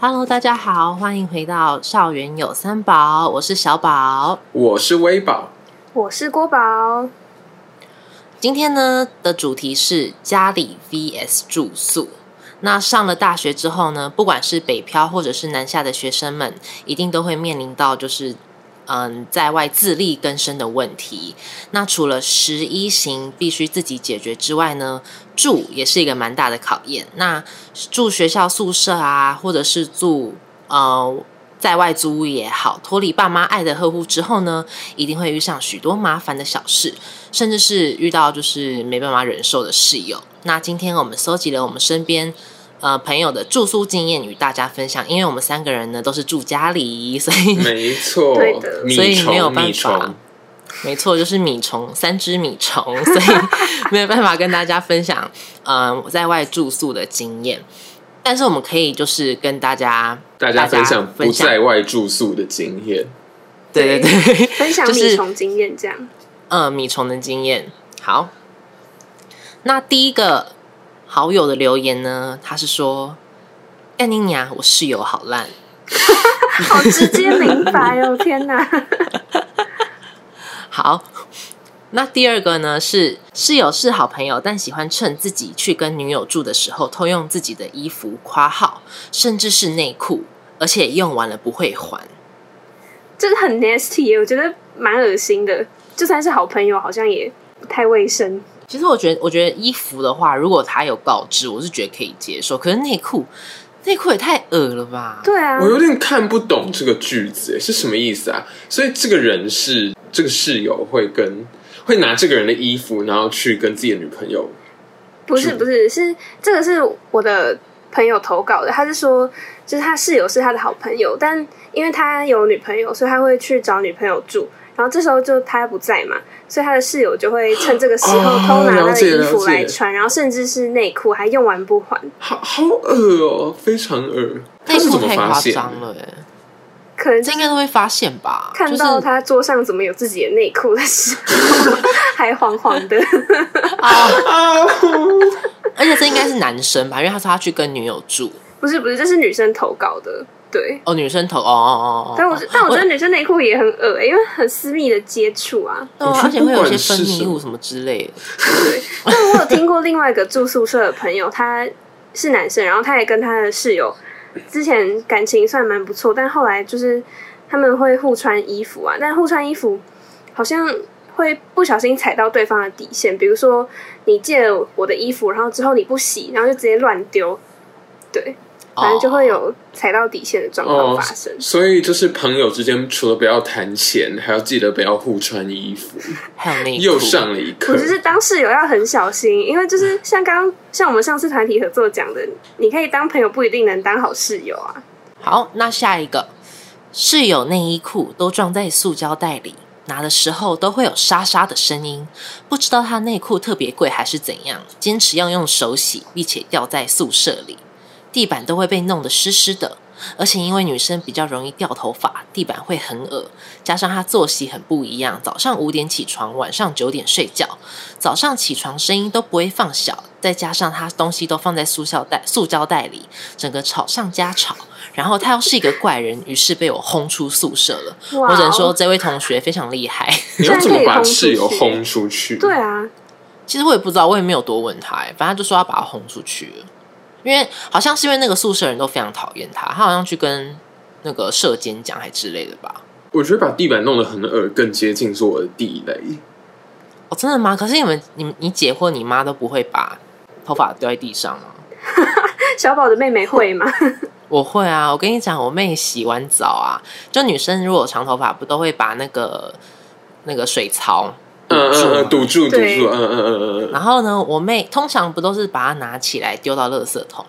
Hello，大家好，歡迎回到《校園有三寶》，我是小寶，我是微寶，我是郭寶。今天呢的主題是家裡 vs 住宿。那上了大學之後呢，不管是北漂或者是南下的學生們，一定都會面臨到就是。嗯，在外自力更生的問題，那除了食衣行必須自己解決之外呢，住也是一個蠻大的考驗。那住學校宿舍啊，或者是住呃在外租屋也好，脫離爸媽愛的呵護之後呢，一定會遇上許多麻煩的小事，甚至是遇到就是沒辦法忍受的室友。那今天我們蒐集了我們身邊。呃，朋友的住宿經驗與大家分享，因為我們三個人呢都是住家裡，所以沒錯，對的。所以沒有辦法，米蟲。沒錯，就是米蟲三隻米蟲，所以 沒有辦法跟大家分享。嗯、呃，在外住宿的經驗，但是我們可以就是跟大家大家分享不在外住宿的經驗。對所以對對，分享米蟲經驗這樣。嗯、就是呃，米蟲的經驗好。那第一個。好友的留言呢？他是說：“幹你娘！我室友好爛， 好直接明白哦！ 天哪， 好。那第二個呢？是室友是好朋友，但喜歡趁自己去跟女友住的時候偷用自己的衣服、誇號，甚至是內褲，而且用完了不會還。這個很 nasty，我覺得蠻噁心的。就算是好朋友，好像也不太衛生。”其實我覺得，我覺得衣服的話，如果他有告知，我是覺得可以接受。可是內褲，內褲也太惡了吧？對啊，我有點看不懂這個句子，是什麼意思啊？所以這個人是這個室友會跟會拿這個人的衣服，然後去跟自己的女朋友？不是不是，是這個是我的朋友投稿的。他是說，就是他室友是他的好朋友，但因為他有女朋友，所以他會去找女朋友住。然後這時候就他不在嘛。所以他的室友就會趁這個時候偷拿那個衣服來穿，哦、然後甚至是內褲還用完不還，好好惡哦、喔，非常惡，可是怎麼發現？內褲太誇張了哎、欸，可能這應該都會發現吧，看到他桌上怎麼有自己的內褲的時候 還黃黃的，啊、 而且這應該是男生吧，因為他說他去跟女友住。不是不是，這是女生投稿的。對，哦，女生頭，哦哦哦，哦，哦，哦，但我但我覺得女生內褲也很惡、欸哦、因為很私密的接觸啊，你穿、哦啊、會有、啊、有些分泌物什麼之類的。對 但我有聽過另外一個住宿舍的朋友，他是男生，然後他也跟他的室友之前感情算蠻不錯，但後來就是他們會互穿衣服啊，但互穿衣服好像會不小心踩到對方的底線，比如說你借了我的衣服，然後之後你不洗，然後就直接亂丟，對。反正就會有踩到底線的狀況發生，oh, 所以就是朋友之間除了不要談錢，還要記得不要互穿衣服，又上了一課。可是當室友要很小心，因為就是像剛像我們上次團體合作講的，你可以當朋友，不一定能當好室友啊。好，那下一個室友，內衣褲都裝在塑膠袋裡，拿的時候都會有沙沙的聲音，不知道他內褲特別貴還是怎樣，堅持要用手洗，並且吊在宿舍裡。地板都會被弄得濕濕的，而且因為女生比較容易掉頭髮，地板會很惡。加上她作息很不一樣，早上五點起床，晚上九點睡覺，早上起床聲音都不會放小。再加上她東西都放在塑膠袋、塑膠袋裡，整個吵上加吵。然後她又是一個怪人，於是被我轟出宿舍了。哦、我只能說，這位同學非常厲害。你是怎麼把室友轟出去？對啊，其實我也不知道，我也沒有多問他、欸，反正就說要把他轟出去了。因為好像是因為那個宿舍人都非常討厭他，他好像去跟那個舍監講還之類的吧。我覺得把地板弄得很噁，更接近是我的地雷。哦，真的嗎？可是你們、你、你姐或你媽都不會把頭髮掉在地上啊。 小寶的妹妹會嗎？我會啊！我跟你講，我妹洗完澡啊，就女生如果長頭髮不都會把那個那個水槽。嗯，嗯嗯，堵住堵對住，嗯嗯嗯嗯。然後呢，我妹通常不都是把它拿起來丟到垃圾桶？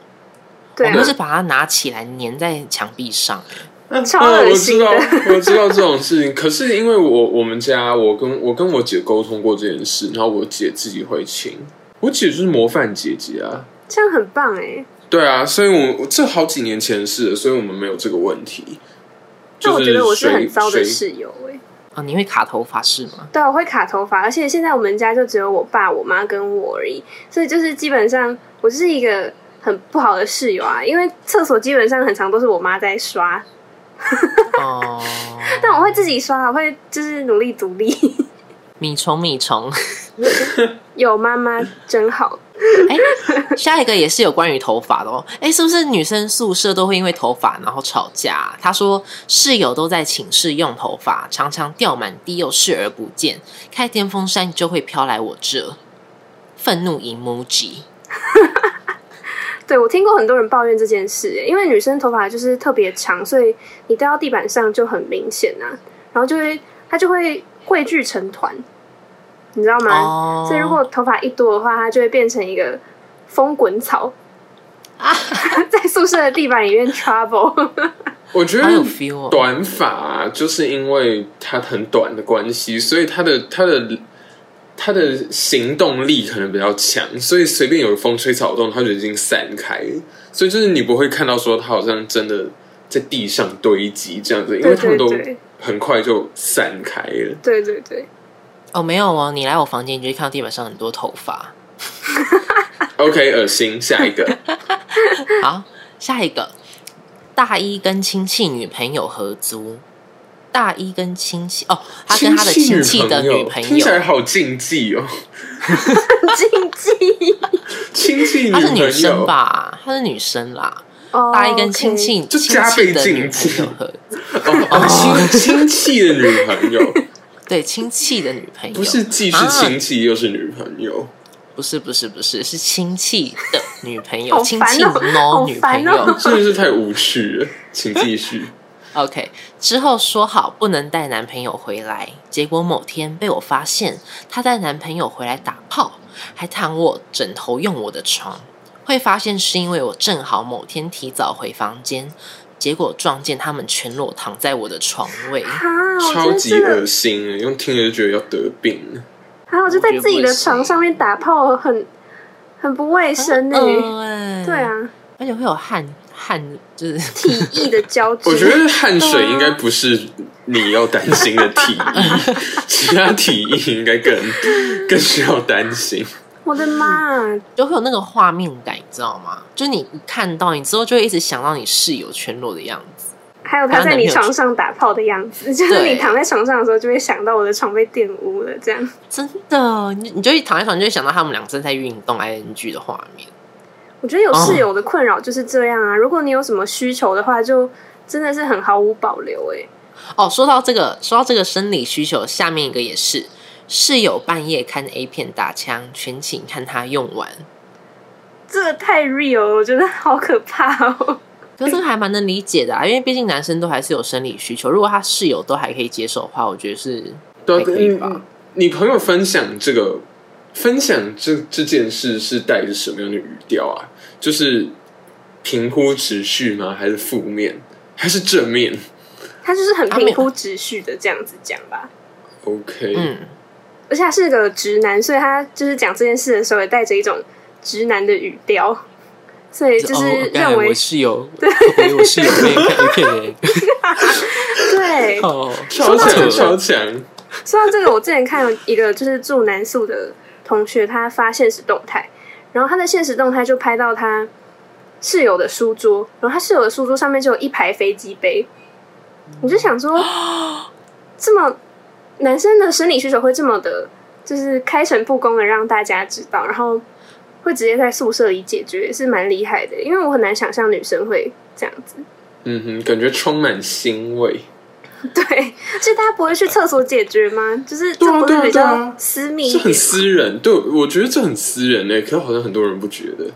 對、啊，我們是把它拿起來粘在牆壁上。那嗯，我知道， 我知道這種事情。可是因為我我們家，我跟我跟我姐溝通過這件事，然後我姐自己會清。我姐就是模範姐姐啊，這樣很棒哎、欸。對啊，所以我，我這好幾年前是的，所以我們沒有這個問題。就是、但我覺得我是很糟的室友、欸。啊、你會卡頭髮是嗎？對，我會卡頭髮，而且現在我們家就只有我爸、我媽跟我而已，所以就是基本上我是一個很不好的室友啊，因為廁所基本上很常都是我媽在刷，oh、 但我會自己刷，我會就是努力獨立。米蟲米蟲， 有媽媽真好。 哎、欸，下一個也是有關於頭髮的哦、喔。哎、欸，是不是女生宿舍都會因為頭髮然後吵架？他說室友都在寢室用頭髮，常常掉滿地，又視而不見，開電風扇就會飄來我這，憤怒 emoji。 對，我聽過很多人抱怨這件事，因為女生頭髮就是特別長，所以你掉到地板上就很明顯啊，然後就會它就會匯聚成團。你知道嗎？Oh. 所以如果頭髮一多的話，它就會變成一個風滾草啊，ah. 在宿舍的地板裡面 travel。 我覺得短髮就是因為它很短的關係，所以它的它的它的行動力可能比較強，所以隨便有風吹草動，它就已經散開了。所以就是你不會看到說它好像真的在地上堆積這樣子，對對對。因為他們都很快就散開了。對對對。哦，沒有哦，你來我房間，你就會看到地板上很多頭髮。 OK，噁心，下一個。 好，下一個。大一跟親戚女朋友合租。大一跟親戚哦，他跟他的親戚的女朋友，親戚女朋友，聽起來好禁忌哦。禁 忌。 親戚他是女生吧？他是女生啦。Oh, 大一跟親戚就加倍禁忌。哦，哦 親親戚的女朋友。對，親戚的女朋友，不是既是親戚又是女朋友，啊、不是不是不是，是親戚的女朋友， 哦、親戚 no、哦、女朋友，真的是，是太無趣了，請繼續。 OK，之後說好不能帶男朋友回來，結果某天被我發現她帶男朋友回來打炮，還躺我枕頭用我的床，會發現是因為我正好某天提早回房間。結果撞見他們全裸躺在我的床位，超級噁心，因為聽了就覺得要得病。然後、啊、就在自己的床上面打炮，很很不衛生呢。哦哦欸、對啊，而且會有汗汗，就是體液的交集。我覺得汗水應該不是你要擔心的體液，啊、其他體液應該更更需要擔心。我的媽，就會有那個畫面感，你知道嗎？就你一看到你之後，就會一直想到你室友全裸的樣子，還有他在你床上打炮的樣子。 對就是你躺在床上的時候，就會想到我的床被玷污了，這樣。真的，你你就一躺在床上，就會想到他們兩個正在運動 ing 的畫面。我覺得有室友的困擾就是這樣啊。哦、如果你有什麼需求的話，就真的是很毫無保留哎、欸。哦，說到這個，說到這個生理需求，下面一個也是。室友半夜看 A 片打槍，全寢看他用完，這個太 real 了，我覺得好可怕哦。可是還蠻能理解的啊，因為畢竟男生都還是有生理需求，如果他室友都還可以接受的話，我覺得是都可以吧。啊你。你朋友分享這個分享這這件事是帶着什麼樣的語調啊？就是平鋪直敘嗎？還是負面？還是正面？他就是很平鋪直敘的這樣子講吧。啊，OK，嗯。而且他是個直男，所以他就是講這件事的時候也帶着一種直男的語調，所以就是認為室友對對，超強超強。說到這個，我之前看了一個就是住男宿的同學，他發限時動態，然後他的限時動態就拍到他室友的書桌，然後他室友的書桌上面就有一排飛機杯，我就想說，這麼。男生的生理需求會這麼的，就是開誠布公的讓大家知道，然後會直接在宿舍裡解決，也是蠻厲害的。因為我很難想象女生會這樣子。嗯哼，感覺充滿欣慰。 對，就大家不會去廁所解決嗎？啊、就是這麼比較私密，是很私人。對，我覺得這很私人嘞、欸，可是好像很多人不覺得，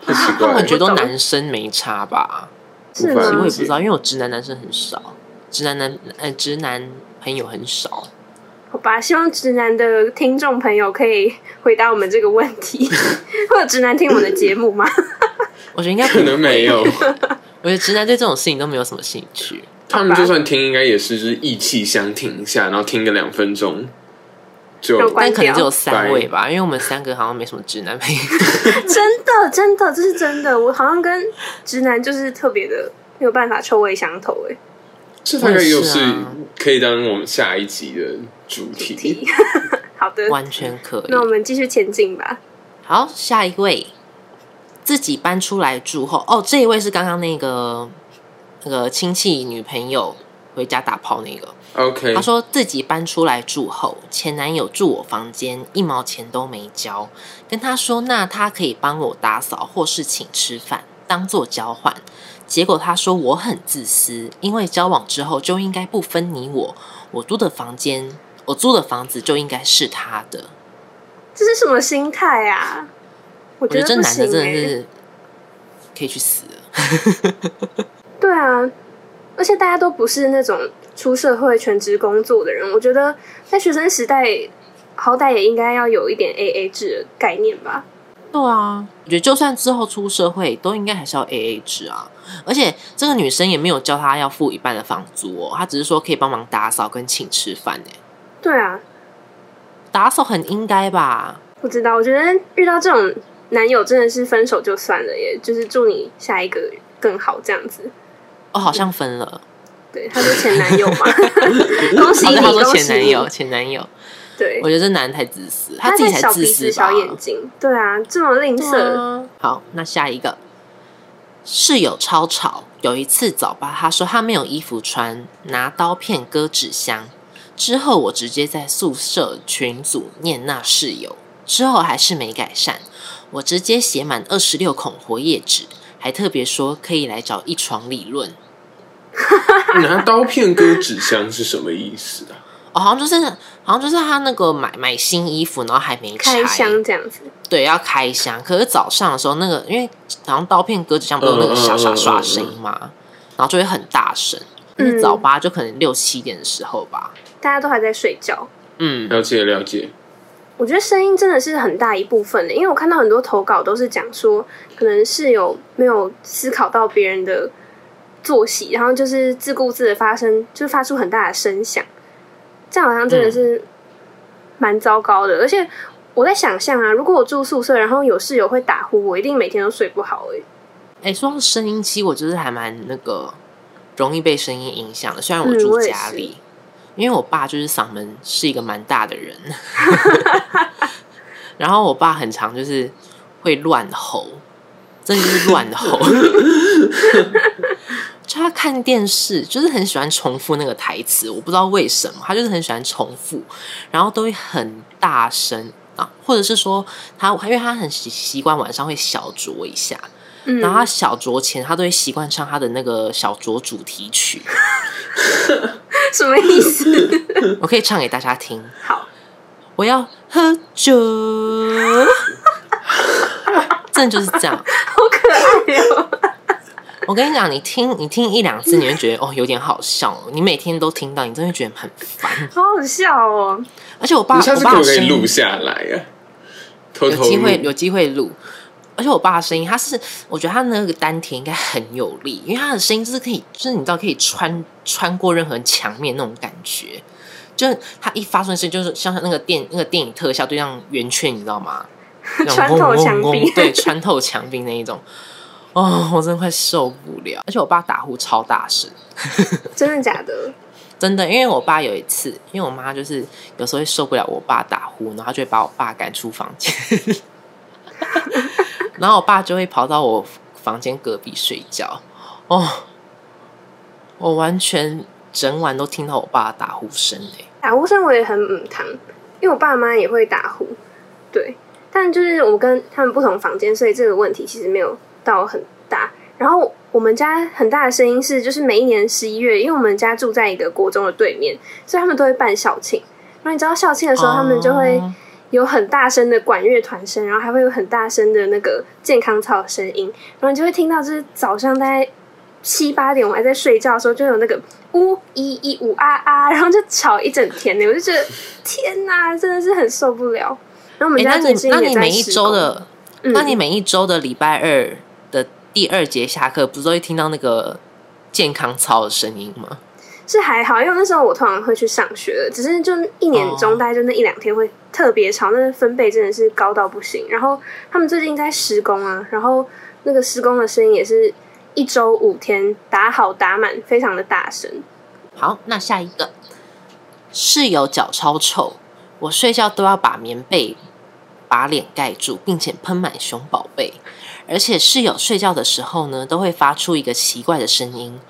很奇怪、欸。我感、啊、覺得都男生沒差吧？是嗎？我也不知道，因為我直男男生很少，直男男，哎、呃，直男。朋友很少，好吧。希望直男的聽眾朋友可以回答我們這個問題。 或者直男聽我們的節目嗎？我覺得應該可能沒有。 我覺得直男對這種事情都沒有什麼興趣。吧他們就算聽，應該也是是意氣相挺一下，然後聽個兩分鐘就，但可能只有三位吧，Bye. 因為我們三個好像沒什麼直男朋友。真的，真的，這是真的。我好像跟直男就是特別的沒有辦法臭味相投，哎。這大概又是可以當我們下一集的主題。啊主題，好的，完全可以。那我們繼續前進吧。好，下一位，自己搬出來住後，哦，這一位是剛剛那個那個親戚女朋友回家打炮那個。OK，他說自己搬出來住後，前男友住我房間，一毛錢都沒交，跟他說那他可以幫我打掃或是請吃飯，當做交換。結果他說我很自私，因為交往之後就應該不分你我，我租的房間，我租的房子就應該是他的。這是什麼心態啊？我覺,欸、我覺得這男的真的是可以去死了。 對啊，而且大家都不是那種出社會全職工作的人，我覺得在學生時代，好歹也應該要有一點 AA 制的概念吧。對啊，我覺得就算之後出社會，都應該還是要 AA 制啊。而且這個女生也沒有教他要付一半的房租哦，她只是說可以幫忙打掃跟請吃飯呢。對啊，打掃很應該吧？不知道，我覺得遇到這種男友，真的是分手就算了，耶，就是祝你下一個更好這樣子。哦，好像分了。嗯、對，他是前男友嘛。 恭喜你，恭喜、哦、前男友，前男友。對我覺得這男的太自私，他自己才自私小眼睛。對啊，這麼吝嗇。啊、好，那下一個室友超吵，有一次早八，他說他沒有衣服穿，拿刀片割紙箱。之後我直接在宿舍群組念那室友，之後還是沒改善，我直接寫滿二十六孔活頁紙，還特別說可以來找一床理論。 拿刀片割紙箱是什麼意思啊？哦，好像就現、是然後就是他那個買買新衣服，然後還沒開箱這樣子。對，要開箱。可是早上的時候，那個因為好像刀片割紙不都有那個沙沙沙聲音嘛，嗯嗯嗯、然後就會很大聲。嗯、就是早八就可能六七點的時候吧，大家都還在睡覺。嗯，了解了解。我覺得聲音真的是很大一部分的，因為我看到很多投稿都是講說，可能是有沒有思考到別人的作息，然後就是自顧自的發聲，就是發出很大的聲響。這樣好像真的是蠻糟糕的，嗯、而且我在想象啊，如果我住宿舍，然後有室友會打呼，我一定每天都睡不好，欸。哎，哎，說到聲音，期，我就是還蠻那個容易被聲音影響的。雖然我住家裡，因為我爸就是嗓門是一個蠻大的人， 然後我爸很常就是會亂吼，真的就是亂吼。 他看電視就是很喜歡重複那個台詞，我不知道為什麼，他就是很喜歡重複，然後都會很大聲啊，或者是說他，因為他很習慣晚上會小酌一下，嗯、然後他小酌前他都會習慣唱他的那個小酌主題曲，什麼意思？我可以唱給大家聽。好，我要喝酒， 真的就是這樣，好可愛喲、哦。我跟你講，你聽你聽一兩次，你會覺得、嗯、哦，有點好笑。你每天都聽到，你真的會覺得很煩。好好笑哦！而且我爸，你下次可以錄下來啊，偷偷有機會有機會錄。而且我爸的聲音，他是我覺得他那個丹田應該很有力，因為他的聲音就是可以，就是你知道可以穿穿過任何牆面那種感覺。就是他一發出聲音，就是像那個電那個電影特效對上圓圈，你知道嗎？ 穿透牆壁、哦哦哦，對，穿透牆壁那一種。哦，oh，我真的快受不了！而且我爸打呼超大聲， 真的假的？真的，因為我爸有一次，因為我媽就是有時候會受不了我爸打呼，然後她就會把我爸趕出房間， 然後我爸就會跑到我房間隔壁睡覺。哦、oh，我完全整晚都聽到我爸的打呼聲、欸、打呼聲我也很母湯，因為我爸媽也會打呼，對，但就是我跟他們不同房間，所以這個問題其實沒有。到很大，然後我們家很大的聲音是，就是每一年十一月，因為我們家住在一個國中的對面，所以他們都會辦校慶。然後你知道校慶的時候，他們就會有很大聲的管樂團聲，嗯、然後還會有很大聲的那個健康操的聲音。然後你就會聽到，就是早上大概七八點，我還在睡覺的時候，就有那個嗚一一嗚啊啊，然後就吵一整天呢。我就覺得天哪，真的是很受不了。然後我們家最近，那你每一周的，嗯、那你每一周的禮拜二。第二節下課不是都會聽到那個健康操的聲音嗎？是還好，因為那時候我通常會去上學的，只是就一年中大概就那一兩天會特別吵，但是，哦，分貝真的是高到不行。然後他們最近在施工啊，然後那個施工的聲音也是一週五天打好打滿，非常的大聲。好，那下一個。室友腳超臭，我睡覺都要把棉被把臉蓋住，並且噴滿熊寶貝。而且室友睡覺的時候呢，都會發出一個奇怪的聲音。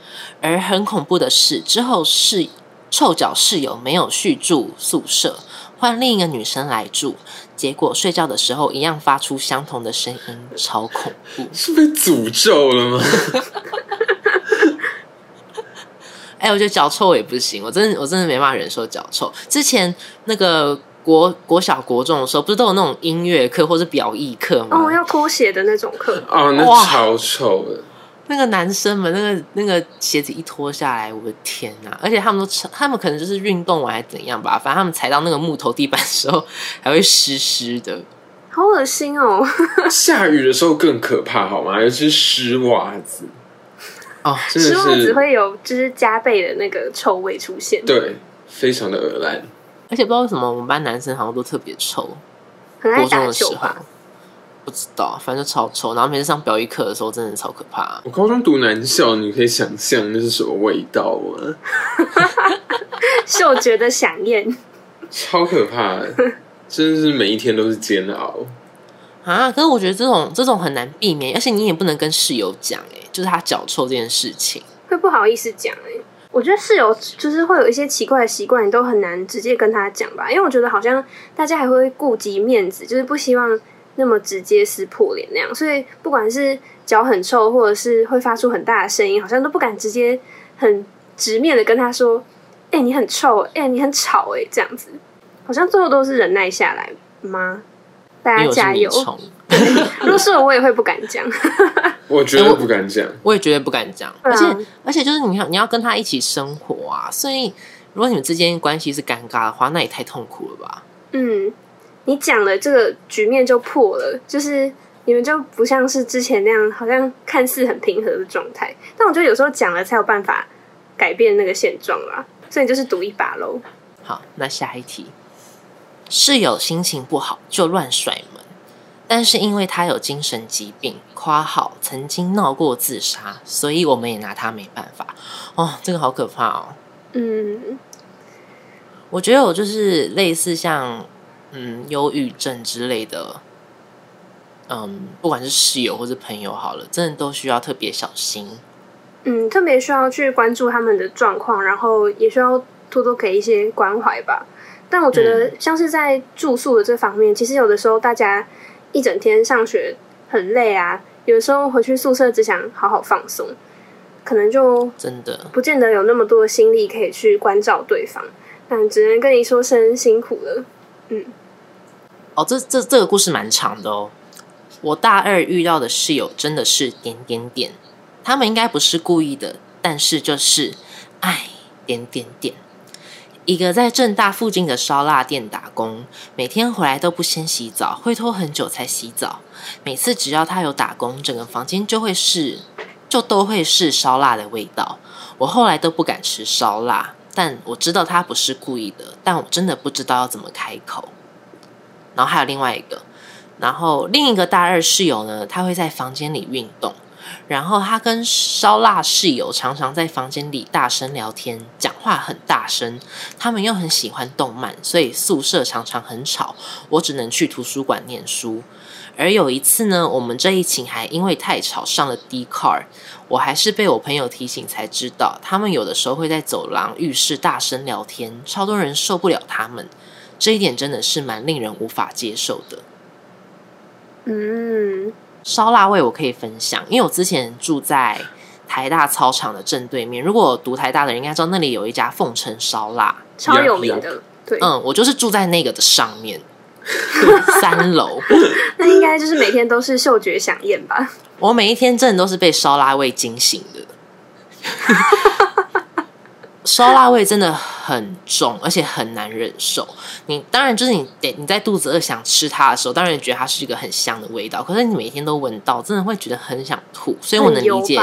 而很恐怖的是，之後是臭腳室友沒有續住宿舍，換另一個女生來住，結果睡覺的時候一樣發出相同的聲音，超恐怖！是被詛咒了嗎？ 哎，我覺得腳臭也不行，我真的我真的沒辦法忍受腳臭。之前那個。國國小國中的時候，不是都有那種音樂課或者表藝課嗎？哦，要脫鞋的那種課。哦，那超臭的。那個男生們，那個那個鞋子一脫下來，我的天哪，啊！而且他們都，他們可能就是運動完還是怎樣吧，反正他們踩到那個木頭地板的時候，還會濕濕的，好噁心哦。 下雨的時候更可怕，好嗎？還是濕襪子。哦，濕襪子會有就是加倍的那個臭味出現，對，非常的惡爛。而且不知道為什麼我們班男生好像都特別臭，高中的時候不知道，反正就超臭。然後每次上表演課的時候，真的超可怕、啊。我高中讀男校，你可以想象那是什麼味道啊！嗅覺的饗宴超可怕的，真是每一天都是煎熬啊！可是我覺得這種這種很難避免，而且你也不能跟室友講哎、欸，就是他腳臭這件事情，會不好意思講哎、欸。我覺得室友就是會有一些奇怪的習慣，你都很難直接跟他講吧，因為我覺得好像大家還會顧及面子，就是不希望那麼直接撕破臉那樣，所以不管是腳很臭，或者是會發出很大的聲音，好像都不敢直接很直面的跟他說：“哎、欸，你很臭，哎、欸，你很吵、欸，哎，這樣子，好像最後都是忍耐下來嘛？大家加油。” 如果是我，我也會不敢講 ，我覺得不敢講、欸，我也絕對不敢講。啊、而且而且就是你要你要跟他一起生活啊，所以如果你們之間關係是尷尬的話，那也太痛苦了吧？嗯，你講了，這個局面就破了，就是你們就不像是之前那樣，好像看似很平和的狀態。但我覺得有時候講了才有辦法改變那個現狀啦，所以就是賭一把嘍。好，那下一題，室友心情不好就亂甩嗎？但是因為他有精神疾病，誇號曾經鬧過自殺，所以我們也拿他沒辦法。哦，這個好可怕哦。嗯，我覺得我就是類似像嗯憂鬱症之類的，嗯，不管是室友或是朋友好了，真的都需要特別小心。嗯，特別需要去關注他們的狀況，然後也需要多多給一些關懷吧。但我覺得像是在住宿的這方面，嗯、其實有的時候大家。一整天上學很累啊，有時候回去宿舍只想好好放鬆，可能就真的不見得有那麼多的心力可以去關照對方，那只能跟你說聲辛苦了。嗯，哦，這這這個故事蠻長的哦。我大二遇到的室友真的是點點點，他們應該不是故意的，但是就是哎，點點點。一個在正大附近的燒臘店打工，每天回來都不先洗澡，會拖很久才洗澡。每次只要他有打工，整個房間就會是，就都會是燒臘的味道。我後來都不敢吃燒臘，但我知道他不是故意的，但我真的不知道要怎麼開口。然後還有另外一個，然後另一個大二室友呢，他會在房間裡運動。然後他跟燒臘室友常常在房間裡大聲聊天，講話很大聲。他們又很喜歡動漫，所以宿舍常常很吵。我只能去圖書館念書。而有一次呢，我們這一寢還因為太吵上了 D card。我還是被我朋友提醒才知道，他們有的時候會在走廊、浴室大聲聊天，超多人受不了他們。這一點真的是蠻令人無法接受的。嗯。燒臘味我可以分享，因為我之前住在台大操場的正對面。如果讀台大的人應該知道，那裡有一家鳳城燒臘，超有名的。對，嗯，我就是住在那個的上面， 三樓樓。那應該就是每天都是嗅覺饗宴吧？我每一天真的都是被燒臘味驚醒的。 燒臘味真的很重，而且很難忍受。你當然就是你，你你在肚子餓想吃它的時候，當然覺得它是一個很香的味道。可是你每天都聞到，真的會覺得很想吐。所以我能理解，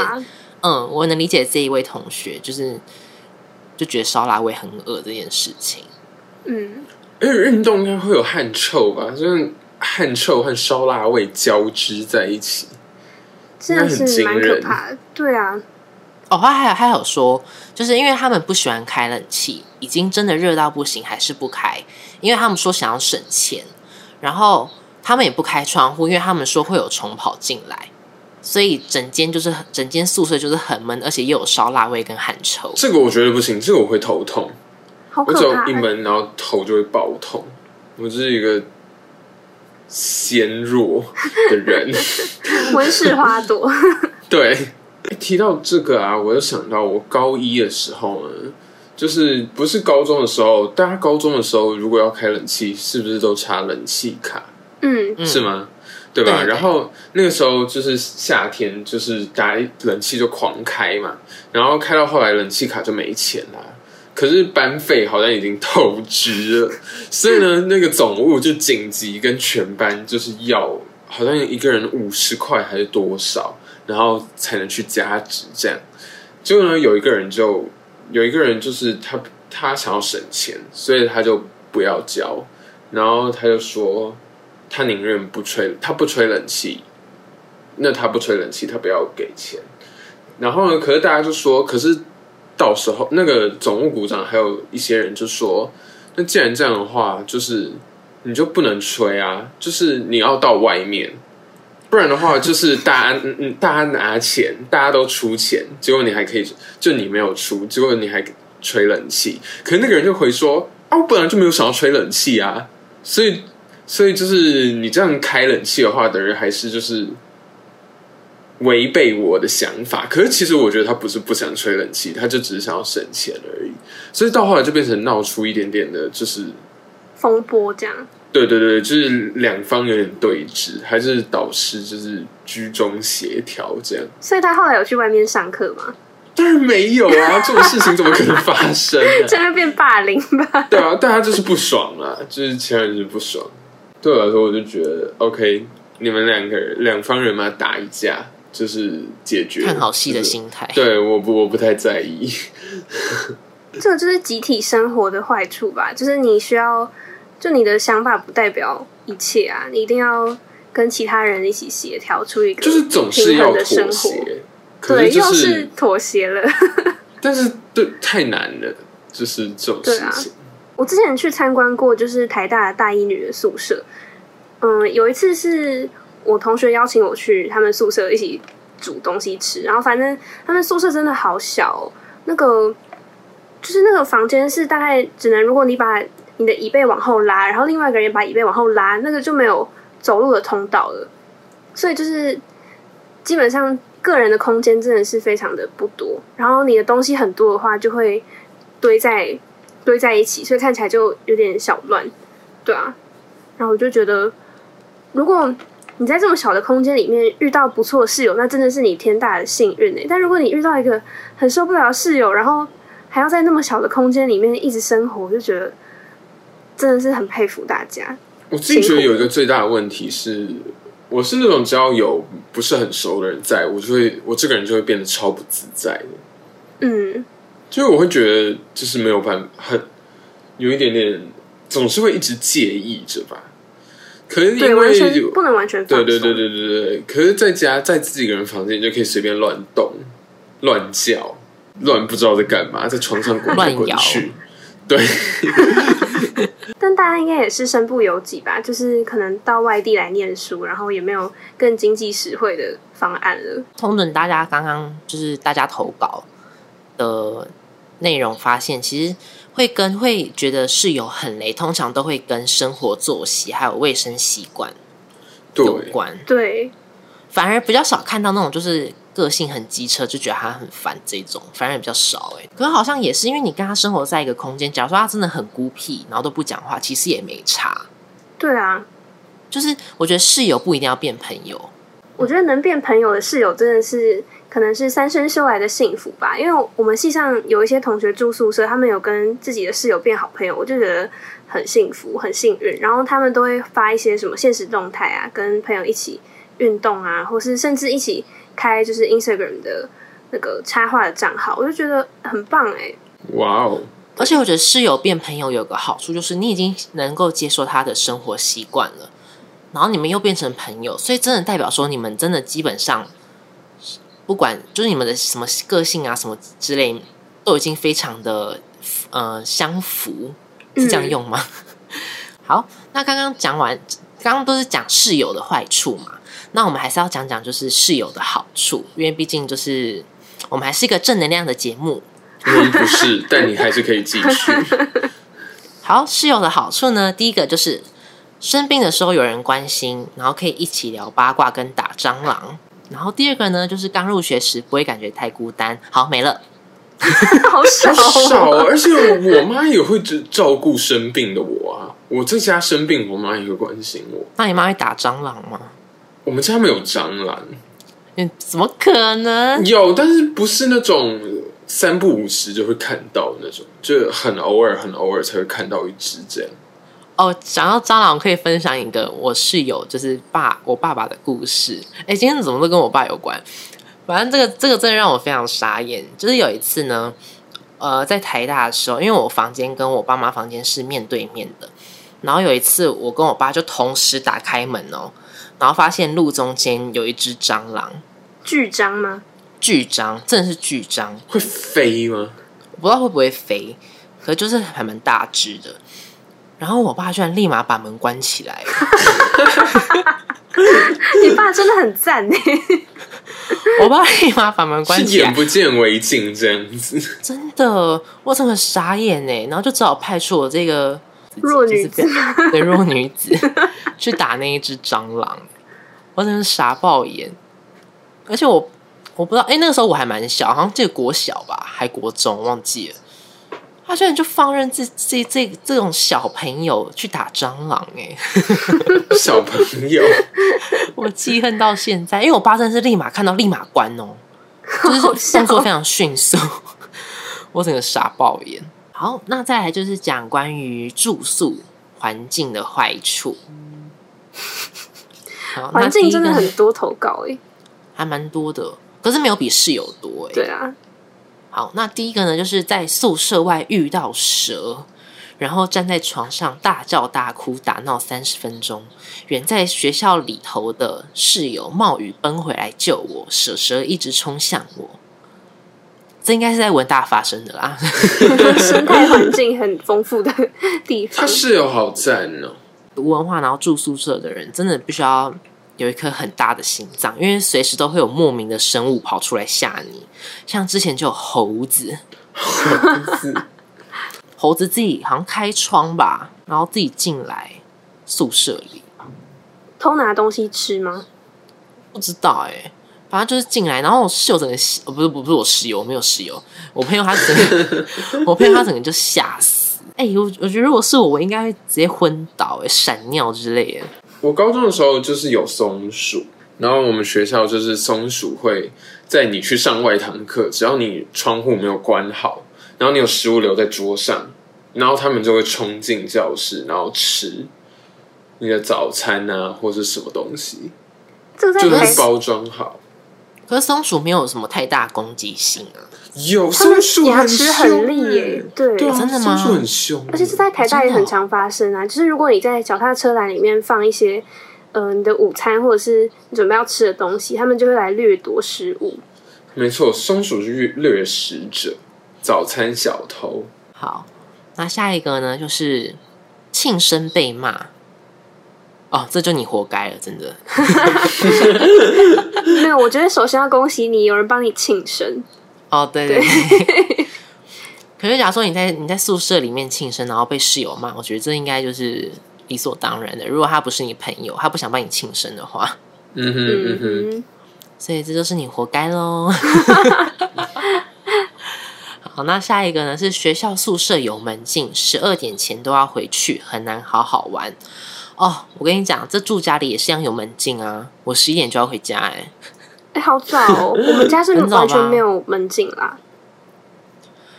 嗯，我能理解這一位同學就是就覺得燒臘味很惡這件事情。嗯，因為運動應該會有汗臭吧？就是汗臭和燒臘味交織在一起，真的是蠻可怕的，對啊。哦，他還有還有說，就是因為他們不喜歡開冷氣，已經真的熱到不行，還是不開，因為他們說想要省錢，然後他們也不開窗戶，因為他們說會有蟲跑進來，所以整間就是整間宿舍就是很悶，而且又有燒臘味跟汗臭。這個我覺得不行，這個我會頭痛。欸、我只要一悶，然後頭就會爆痛。我就是一個纖弱的人，溫室 花朵。 對。欸、提到這個啊，我就想到我高一的時候呢，就是不是高中的時候，大家高中的時候如果要開冷氣，是不是都插冷氣卡？嗯，是嗎？嗯、對吧？然後那個時候就是夏天，就是大家冷氣就狂開嘛，然後開到後來冷氣卡就沒錢了，可是班費好像已經透支了，嗯、所以呢，那個總務就緊急跟全班就是要好像一個人五十塊還是多少？然後才能去加值，這樣。結果呢，有一個人就有一個人，就是他他想要省錢，所以他就不要交。然後他就說，他寧願不吹，他不吹冷氣，那他不吹冷氣，他不要給錢。然後呢，可是大家就說，可是到時候那個總務股長還有一些人就說，那既然這樣的話，就是你就不能吹啊，就是你要到外面。不然的話，就是大家嗯嗯，大家拿錢，大家都出錢，結果你還可以，就你沒有出，結果你還吹冷氣，可是那個人就回說啊，我本來就沒有想要吹冷氣啊，所以所以就是你這樣開冷氣的話，等於還是就是違背我的想法。可是其實我覺得他不是不想吹冷氣，他就只是想要省錢而已。所以到後來就變成鬧出一點點的，就是風波這樣。對對對，就是兩方有點對峙，還是導師就是居中協調這樣。所以他後來有去外面上課嗎？當然沒有啊， 這種事情怎麼可能發生啊？真的變霸凌吧？對啊，大家就是不爽了啊，就是前兩日不爽。對啊，所以我就覺得 OK，你們兩個人兩方人嘛，打一架就是解決這個。看好戲的心態，對，我不我不太在意。 這個就是集體生活的壞處吧，就是你需要。就你的想法，不代表一切啊！你一定要跟其他人一起協調出一個就是平衡的生活，對，又是妥協了。 但是，對，太難了，就是這種事情。對啊，我之前去參觀過，就是台大的大一女的宿舍。嗯，有一次是我同學邀請我去他們宿舍一起煮東西吃，然後反正他們宿舍真的好小哦，那個就是那個房間是大概只能如果你把。你的椅背往後拉，然後另外一個人把椅背往後拉，那個就沒有走路的通道了。所以就是基本上個人的空間真的是非常的不多。然後你的東西很多的話，就會堆在堆在一起，所以看起來就有點小亂，對啊。然後我就覺得，如果你在這麼小的空間裡面遇到不錯的室友，那真的是你天大的幸運呢、欸。但如果你遇到一個很受不了的室友，然後還要在那麼小的空間裡面一直生活，我就覺得。真的是很佩服大家。我自己覺得有一個最大的問題是，我是那種只要有不是很熟的人在我，就會我這個人就會變得超不自在嗯，就是我會覺得就是沒有辦法，很有一點點總是會一直介意着吧。可以完全不能完全，對對對對對對，對。可是在家在自己個人房間，你就可以隨便亂動、亂叫、亂不知道在幹嘛，在床上滾來滾去，亂搖 對。 但大家應該也是身不由己吧，就是可能到外地來念書，然後也沒有更經濟實惠的方案了。統整大家剛剛就是大家投稿的內容發現，其實會跟會覺得室友很雷，通常都會跟生活作息還有衛生習慣有關。對，對反而比較少看到那種就是。個性很機車，就覺得他很煩。這種反而也比較少哎、欸，可能好像也是因為你跟他生活在一個空間。假如說他真的很孤僻，然後都不講話，其實也沒差。對啊，就是我覺得室友不一定要變朋友。我覺得能變朋友的室友真的是可能是三生修來的幸福吧。因為我們系上有一些同學住宿舍，他們有跟自己的室友變好朋友，我就覺得很幸福、很幸運。然後他們都會發一些什麼限時動態啊，跟朋友一起運動啊，或是甚至一起。開就是 Instagram 的那個插畫的賬號，我就覺得很棒哎、欸！哇哦 Wow！對而且我覺得室友變朋友有個好處，就是你已經能夠接受他的生活習慣了，然後你們又變成朋友，所以真的代表說你們真的基本上不管就是你們的什麼個性啊什麼之類，都已經非常的呃相符，是這樣用嗎？嗯、 好，那剛剛講完，剛剛都是講室友的壞處嘛。那我們還是要講講，就是室友的好處，因為畢竟就是我們還是一個正能量的節目。嗯，不是，但你還是可以繼續 好，室友的好處呢，第一個就是生病的時候有人關心，然後可以一起聊八卦跟打蟑螂。然後第二個呢，就是剛入學時不會感覺太孤單。好，沒了。好少，而且我媽也會照照顧生病的我啊。我在家生病，我媽也會關心我。那你媽會打蟑螂嗎？我們家沒有蟑螂，怎麼可能有？但是不是那種三不五時就會看到那種，就很偶爾、很偶爾才會看到一隻這樣。哦，講到蟑螂，可以分享一個我室友就是爸我爸爸的故事。哎，今天怎麼都跟我爸有關？反正這個這個真的讓我非常傻眼。就是有一次呢，呃，在台大的時候，因為我房間跟我爸媽房間是面對面的，然後有一次我跟我爸就同時打開門哦。然後發現路中間有一隻蟑螂。巨蟑嗎？巨蟑，真的是巨蟑，會飛嗎？我不知道會不會飛，可是就是還蠻大隻的。然後我爸居然立馬把門關起來， 你爸真的很讚呢。我爸立馬把門關起來，是眼不見為淨這樣子，真的，我真的傻眼呢？然後就只好派出我這個弱女子的弱女子， 弱女子去打那一隻蟑螂。我真是傻爆眼！而且我我不知道，哎、欸，那個時候我還蠻小，好像這個國小吧，還國中，忘記了。他居然就放任這這這這種小朋友去打蟑螂、欸，哎 小朋友，我記恨到現在，因為我爸真的是立馬看到立馬關哦、喔，就是動作 非常迅速。我整個傻爆眼。好，那再來就是講關於住宿環境的壞處。嗯環境真的很多投稿哎、欸，還蠻多的，可是沒有比室友多哎、欸。對啊，好，那第一個呢，就是在宿舍外遇到蛇，然後站在床上大叫大哭打鬧三十分鐘，遠在學校裡頭的室友冒雨奔回來救我，蛇蛇一直衝向我，這應該是在文大發生的啦，生態環境很豐富的地方，他室友好讚哦。無文化，然後住宿舍的人真的必須要有一顆很大的心臟，因為隨時都會有莫名的生物跑出來嚇你。像之前就有猴子，猴子， 猴子自己好像開窗吧，然後自己進來宿舍裡偷拿東西吃嗎？不知道哎、欸，反正就是進來，然後我室友整個、喔、不是不是我室友，我沒有室友，我朋友他整個， 我朋友他整個就嚇死。哎、欸，我我覺得如果是我，我應該會直接昏倒，欸，哎，閃尿之類的。我高中的時候就是有松鼠，然後我們學校就是松鼠會在你去上外堂課，只要你窗戶沒有關好，然後你有食物留在桌上，然後他們就會衝進教室，然後吃你的早餐啊，或者什麼東西，這是是就是包裝好。可是松鼠沒有什麼太大攻擊性啊，有松鼠、欸、牙齒很利耶、欸，對，對、啊哦，真的嗎？松鼠很凶、欸、而且在台大也很常發生啊。啊哦、就是如果你在腳踏車籃裡面放一些，嗯、呃，你的午餐或者是你準備要吃的東西，他們就會來掠奪食物。沒錯，松鼠是掠掠食者，早餐小偷。好，那下一個呢，就是慶生被罵。哦，這就你活該了，真的。 沒有，我覺得首先要恭喜你，有人幫你慶生。哦，對對，對。 可是，假如說你在你在宿舍裡面慶生，然後被室友罵，我覺得這應該就是理所當然的。如果他不是你朋友，他不想幫你慶生的話，嗯哼，嗯哼。所以這就是你活該嘍。 好，那下一個呢是學校宿舍有門禁，十二點前都要回去，很難好好玩。哦，我跟你講，這住家裡也是一樣有門禁啊。我十一點就要回家，欸，哎，哎，好早，哦。 我們家是完全沒有門禁啦。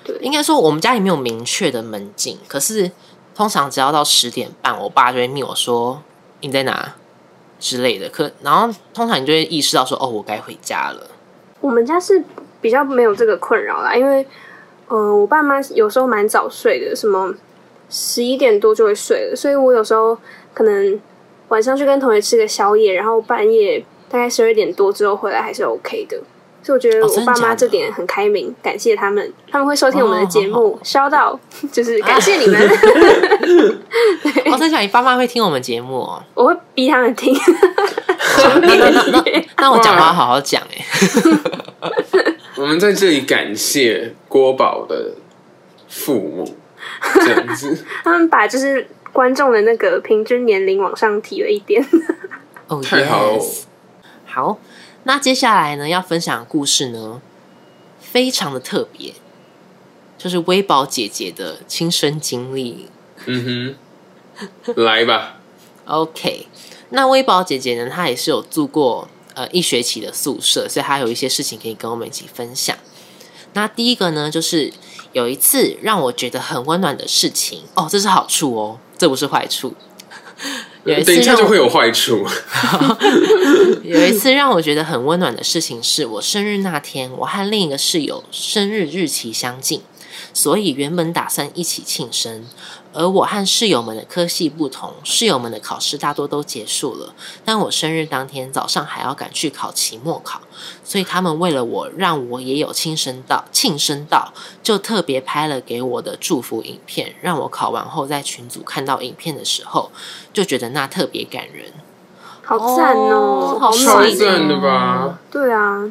對，應該說我們家也沒有明確的門禁，可是通常只要到十點半，我爸就會密我說：“你在哪？”之類的。可然後通常你就會意識到說：“哦，我該回家了。”我們家是比較沒有這個困擾啦，因為嗯、呃，我爸媽有時候蠻早睡的，什麼十一點多就會睡了，所以我有時候。可能晚上去跟同學吃個宵夜，然後半夜大概十二點多之後回來還是 OK 的，所以我覺得我爸媽這點很開明，哦、真的假的感謝他們，他們會收聽我們的節目，燒到、哦、就是感謝你們。我在想，你爸媽會聽我們節目、哦？我會逼他們聽。那我講話好好講哎、欸。 我們在這裡感謝郭寶的父母，這樣子， 他們把就是。觀眾的那個平均年齡往上提了一點，哦，yes。好，那接下來呢，要分享的故事呢，非常的特別，就是微寶姐姐的親身經歷。嗯哼，來吧。OK，那微寶姐姐呢，她也是有住過呃一學期的宿舍，所以她有一些事情可以跟我們一起分享。那第一個呢，就是有一次讓我覺得很溫暖的事情。哦，這是好處哦。這不是壞處，對，等一下就會有壞處。有一次讓我覺得很溫暖的事情是，我生日那天，我和另一個室友生日日期相近，所以原本打算一起慶生。而我和室友們的科系不同，室友們的考試大多都結束了，但我生日當天早上還要趕去考期末考，所以他們為了我，讓我也有慶生到慶生到，就特別拍了給我的祝福影片，讓我考完後在群組看到影片的時候，就覺得那特別感人，好讚哦，哦好讚美的吧？對啊，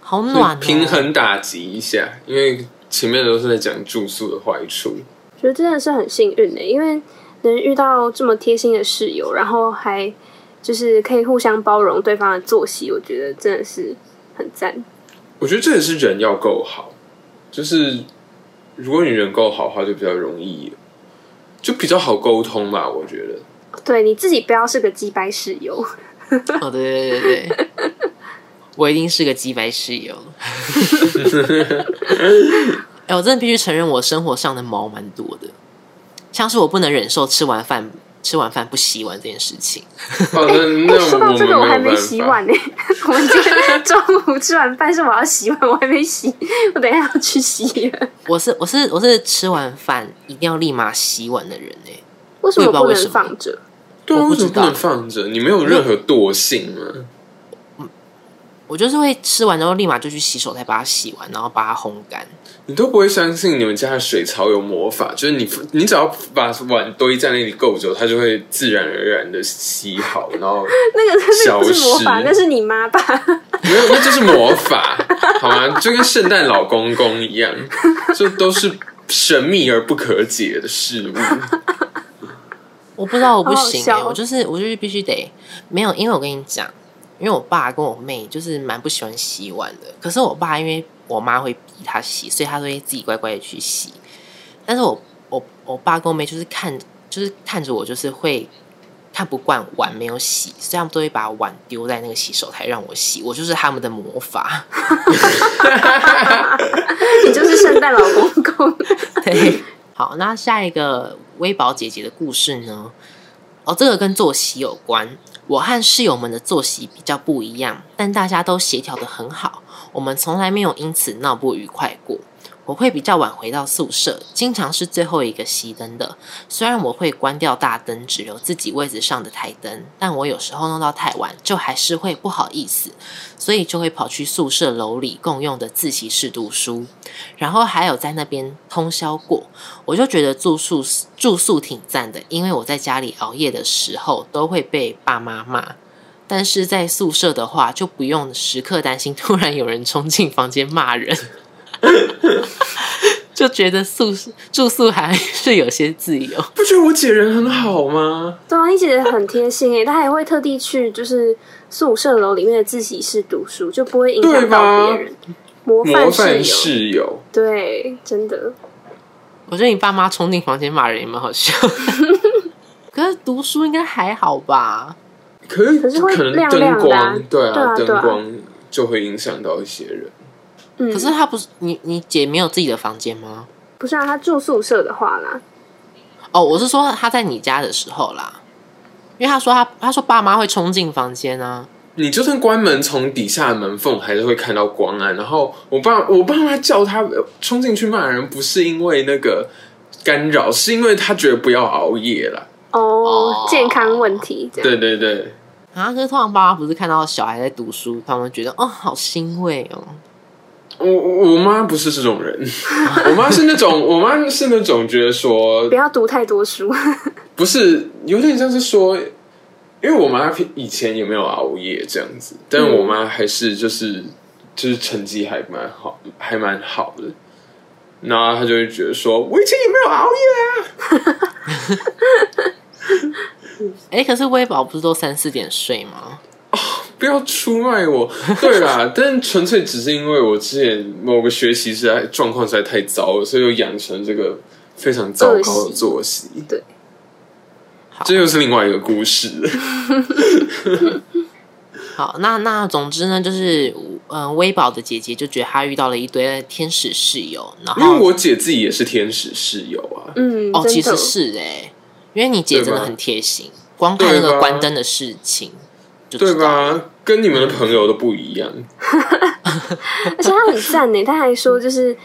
好暖哦。平衡打擊一下，因為前面都是在講住宿的壞處。我覺得真的是很幸運的、欸，因為能遇到這麼貼心的室友，然後還就是可以互相包容對方的作息，我覺得真的是很讚。我覺得這也是人要夠好，就是如果你人夠好的話，就比較容易，就比較好溝通吧。我覺得，對，你自己不要是個機掰室友。好 的、哦、 我一定是個機掰室友。 欸、我真的必須承認，我生活上的毛蠻多的，像是我不能忍受吃完飯吃完飯不洗碗這件事情。說到這個，我還沒洗碗呢。我們今天中午吃完飯是我要洗碗，我還沒洗，我等一下要去洗了。我是我是我是吃完飯一定要立馬洗碗的人呢，欸。為什麼不能放着？我不知道，不能放着，你沒有任何惰性啊。我就是會吃完，之後立馬就去洗手台把它洗完，然後把它烘乾。你都不會相信你們家的水槽有魔法，就是你你只要把碗堆在那裡夠久，它就會自然而然的洗好，然後那個消是魔法，那是你媽吧？沒有，那就是魔法，好嗎？就跟聖誕老公公一樣，就都是神秘而不可解的事物。好好笑，我不知道，我不行，我就是我就是必須得，沒有，因為我跟你講。因為我爸跟我妹就是蠻不喜歡洗碗的，可是我爸因為我媽會逼他洗，所以他都會自己乖乖的去洗。但是我我我爸跟我妹就是看就是看着我，就是會看不慣碗沒有洗，所以他們都會把碗丟在那個洗手台讓我洗。我就是他們的魔法，你就是聖誕老公公 好，那下一個微寶姐姐的故事呢？哦，這個跟作息有關。我和室友們的作息比較不一樣，但大家都協調的很好，我們從來沒有因此鬧不愉快過。我會比較晚回到宿舍，經常是最後一個熄燈的。雖然我會關掉大燈，只留自己位置上的檯燈，但我有時候弄到太晚，就還是會不好意思，所以就會跑去宿舍樓裡共用的自習室讀書。然後還有在那邊通宵過，我就覺得住宿住宿挺讚的，因為我在家裡熬夜的時候都會被爸媽罵，但是在宿舍的話就不用時刻擔心突然有人衝進房間罵人。 就覺得宿住宿還是有些自由，不覺得我姐人很好嗎？對啊，你姐很貼心哎，她 還會特地去就是宿舍樓裡面的自習室讀書，就不會影響到別人。對吧模範室友，有對，真的。我覺得你爸媽衝進房間罵人，也蠻好笑。 可是讀書應該還好吧？可以，可是會亮亮的，燈光，對啊，燈、啊啊、光就會影響到一些人。嗯，可是他不是你，你姐沒有自己的房間嗎？不是啊，他住宿舍的話啦。哦，我是說他在你家的時候啦，因為他說他他說爸媽會衝進房間啊。你就算關門，從底下的門縫還是會看到光啊。然後我爸我爸媽叫他衝進去罵人，不是因為那個干擾，是因為他覺得不要熬夜了。哦，哦，健康問題，哦。對對對。啊，就是通常爸媽不是看到小孩在讀書，他們覺得哦好欣慰哦。我我媽不是這種人， 我媽是那種，我媽是那種覺得說，不要讀太多書，不是有點像是說，因為我媽以前也沒有熬夜這樣子，但我媽還是就是就是成績還蠻好，還蠻好的，然後她就會覺得說我以前也沒有熬夜啊，哎、 欸，可是威寶不是都三四點睡嗎？不要出賣我，對啦， 但純粹只是因為我之前某個學習實在狀況實在太糟了，所以又養成這個非常糟糕的作息。對，這又是另外一個故事。 好，那那總之呢，就是嗯，威寶的姐姐就覺得她遇到了一堆天使室友，然後因為我姐自己也是天使室友啊，嗯，哦，的的其實是哎、欸，因為你姐真的很貼心，吧光看那個關燈的事情。對吧？跟你們的朋友都不一樣。 而且他很贊呢， 他還說就是，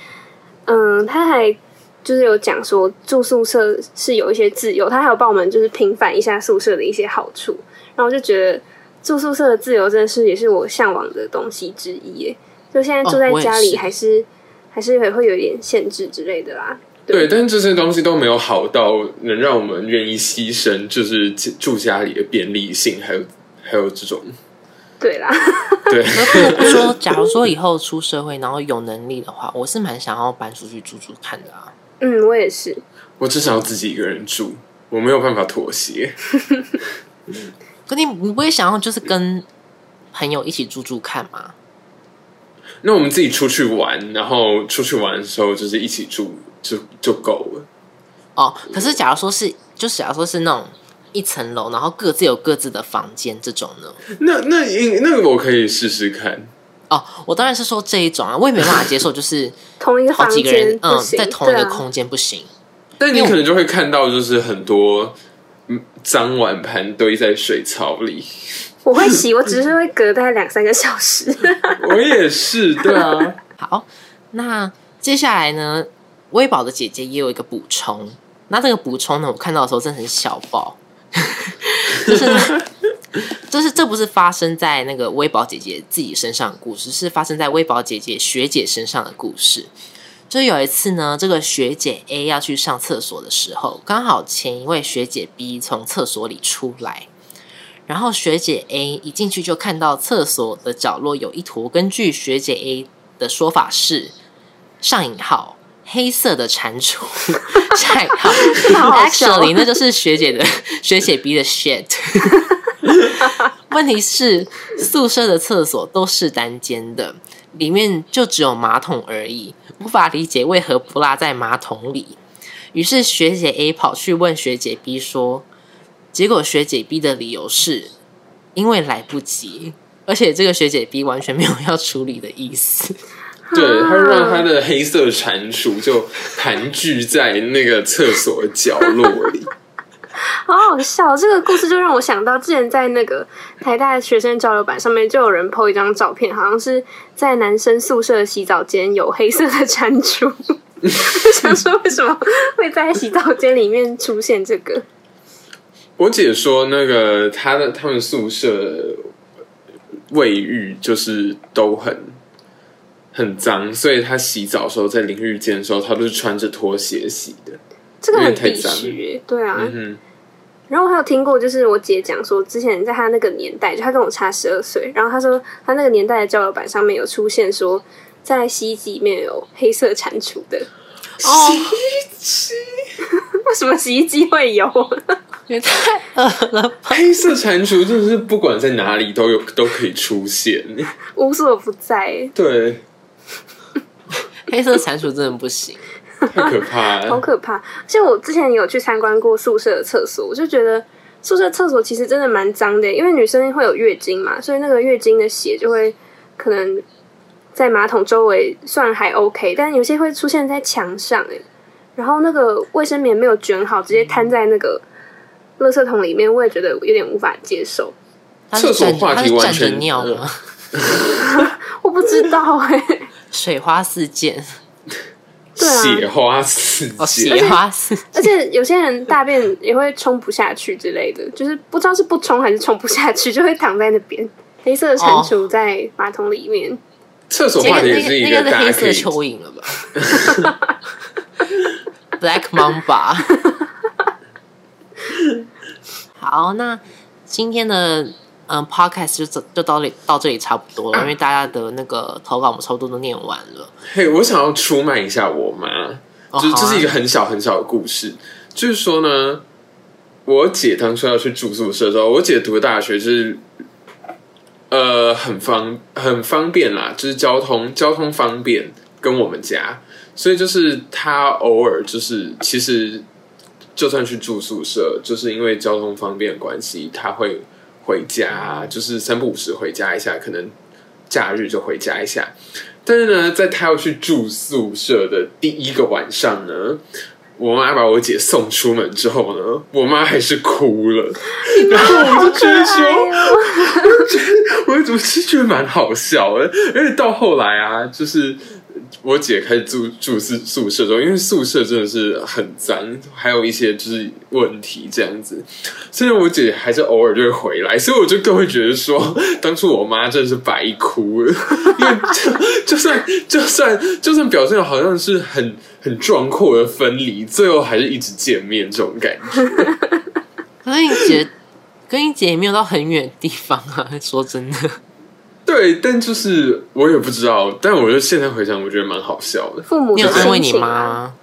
嗯，他還就是有講說住宿舍是有一些自由，他還有幫我們就是平反一下宿舍的一些好處，然後我就覺得住宿舍的自由真的是，是也是我嚮往的東西之一耶。就現在住在家裡還是，哦、我也是還是會會有一點限制之類的啦。對，對，但是這些東西都沒有好到能讓我們願意犧牲，就是住家裡的便利性還有。還有這種，對啦，對。不得不說，假如說以後，出社會，然後有能力的話，我是蠻想要搬出去住住看的啊。嗯，我也是。我只想要自己一個人住，我沒有辦法妥協 、嗯。可你，你不會想要就是跟朋友一起住住看嗎？那我們自己出去玩，然後出去玩的時候，就是一起住就就夠了。哦，可是假如說是，就假如說是那種。一層樓，然後各自有各自的房間，這種呢？那那那我可以試試看哦。我當然是說這一種啊，我也沒辦法接受，就是好幾個人 同一個房間，嗯，在同一個空間不行。啊，但你可能就會看到，就是很多髒碗盤堆在水槽裡。 我會洗，我只是會隔大概兩三個小時。 我也是的，對啊。好，那接下來呢？威寶的姐姐也有一個補充。那這個補充呢，我看到的時候真的很小爆。 就是，就是，這不是發生在那個微寶姐姐自己身上的故事，是發生在微寶姐姐學姐身上的故事。就有一次呢，這個學姐 A 要去上廁所的時候，剛好前一位學姐 B 從廁所裡出來，然後學姐 A 一進去就看到廁所的角落有一坨。根據學姐 A 的說法是，上引號。黑色的蟾蜍，太好， 那就是學姐的 學姐 B 的 shit。 問題是宿舍的廁所都是單間的，裡面就只有馬桶而已，無法理解為何不拉在馬桶裡。於是學姐 A 跑去問學姐 B 說，結果學姐 B 的理由是因為來不及，而且這個學姐 B 完全沒有要處理的意思。 對，他就讓他的黑色蟾蜍就盤踞在那個廁所的角落裡， 好好笑！這個故事就讓我想到之前在那個台大的學生交流版上面就有人 po 一張照片，好像是在男生宿舍洗澡間有黑色的蟾蜍， 想說為什麼會，在洗澡間裡面出現這個？ 我姐說，那個她的他們宿舍衛浴就是都很。很髒，所以他洗澡的時候，在淋浴間的時候，他都是穿着拖鞋洗的。這個很必須、欸，對啊。嗯、哼然後我還有聽過，就是我姐講說，之前在她那個年代，就她跟我差十二歲，然後她說她那個年代的交流板上面有出現說，在洗衣機裡面有黑色蟾蜍的。洗衣機？為 什麼洗衣機會有？也太…… 黑色蟾蜍就是不管在哪裡都有都可以出現，無所不在。對。黑色蟾蜍真的不行， 可欸、好可怕，好可怕！而且我之前有去參觀過宿舍的廁所，我就覺得宿舍廁所其實真的蠻髒的、欸，因為女生會有月經嘛，所以那個月經的血就會可能在馬桶周圍算還 OK，但有些會出現在牆上、欸、然後那個衛生棉沒有捲好，直接攤在那個垃圾桶裡面，我也覺得有點無法接受。廁所話題完全尿了， 我不知道哎、欸。 水花四濺，對啊，水花四濺，哦，水花四濺，而且， 而且有些人大便也會沖不下去之類的，就是不知道是不沖還是沖不下去，就會躺在那邊，黑色的蟾蜍在馬桶裡面，廁所，這個，這個是一個黑色的蚯蚓了吧 ？Black Mamba。 好，那今天的。嗯、um,，Podcast 就就到裡到這裡差不多了，啊、因為大家的那個投稿，我們差不多都念完了。嘿，hey, 我想要出賣一下我媽，哦、就是、啊、這是一個很小很小的故事。就是說呢，我姐當初要去住宿舍的時候，我姐讀的大學、就是，呃，很方很方便啦，就是交通交通方便跟我們家，所以就是她偶爾就是其實就算去住宿舍，就是因為交通方便的關係，她會，回家就是三不五時回家一下，可能假日就回家一下。但是呢，在他要去住宿舍的第一個晚上呢，我媽把我姐送出門之後呢，我媽還是哭了。 然後我就覺得說，喔、 我就覺得我怎麼覺得蠻好笑的，因為到後來啊，就是。我姐開始住住宿宿舍中，因為宿舍真的是很髒，還有一些就是問題這樣子。所以我姐還是偶爾就會回來，所以我就更會覺得說，當初我媽真的是白哭了。 因為就算就算就算，就算表現的好像是很很壯闊的分離，最後還是一直見面這種感覺。 可是你姐跟你姐也沒有到很遠的地方啊，說真的。對，但就是我也不知道，但我就現在回想，我覺得蠻好笑的。父母去安慰你嗎？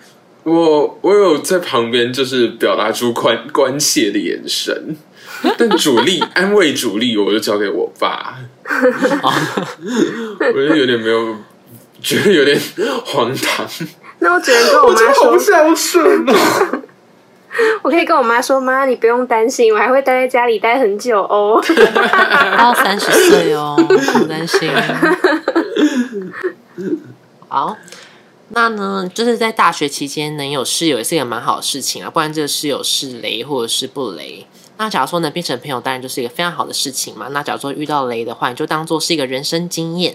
我我有在旁邊，就是表達出關關切的眼神，但主力 安慰主力，我就交給我爸， 我就有點沒有，覺得有點荒唐。那我只能跟我媽說，好孝順我可以跟我媽說：“媽，你不用擔心，我還會待在家裡待很久哦。”他要三十歲哦，不用擔心。好，那呢，就是在大學期間能有室友也是一個蠻好的事情啊，不然這個室友是雷或者是不雷。那假如說能變成朋友，當然就是一個非常好的事情嘛。那假如說遇到雷的話，你就當做是一個人生經驗。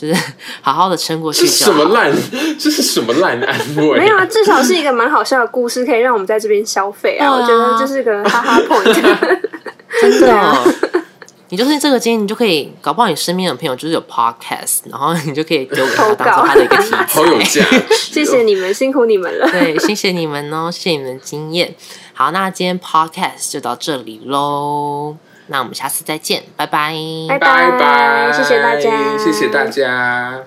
就是好好的撐過去，這是什麼爛？這是什麼爛安慰、啊？沒有啊，至少是一個蠻好笑的故事，可以讓我們在這邊消費啊！ 我覺得這是個哈哈破一 真的。 你就是這個經驗，你就可以搞不好你身邊的朋友就是有 podcast，然後你就可以丟給他當做他的一個題材。投稿 好有、哦、 謝謝你們，辛苦你們了。對，謝謝你們哦，謝謝你們經驗。好，那今天 podcast 就到這裡嘍。那我們下次再見，拜拜，拜拜，謝謝大家，謝謝大家。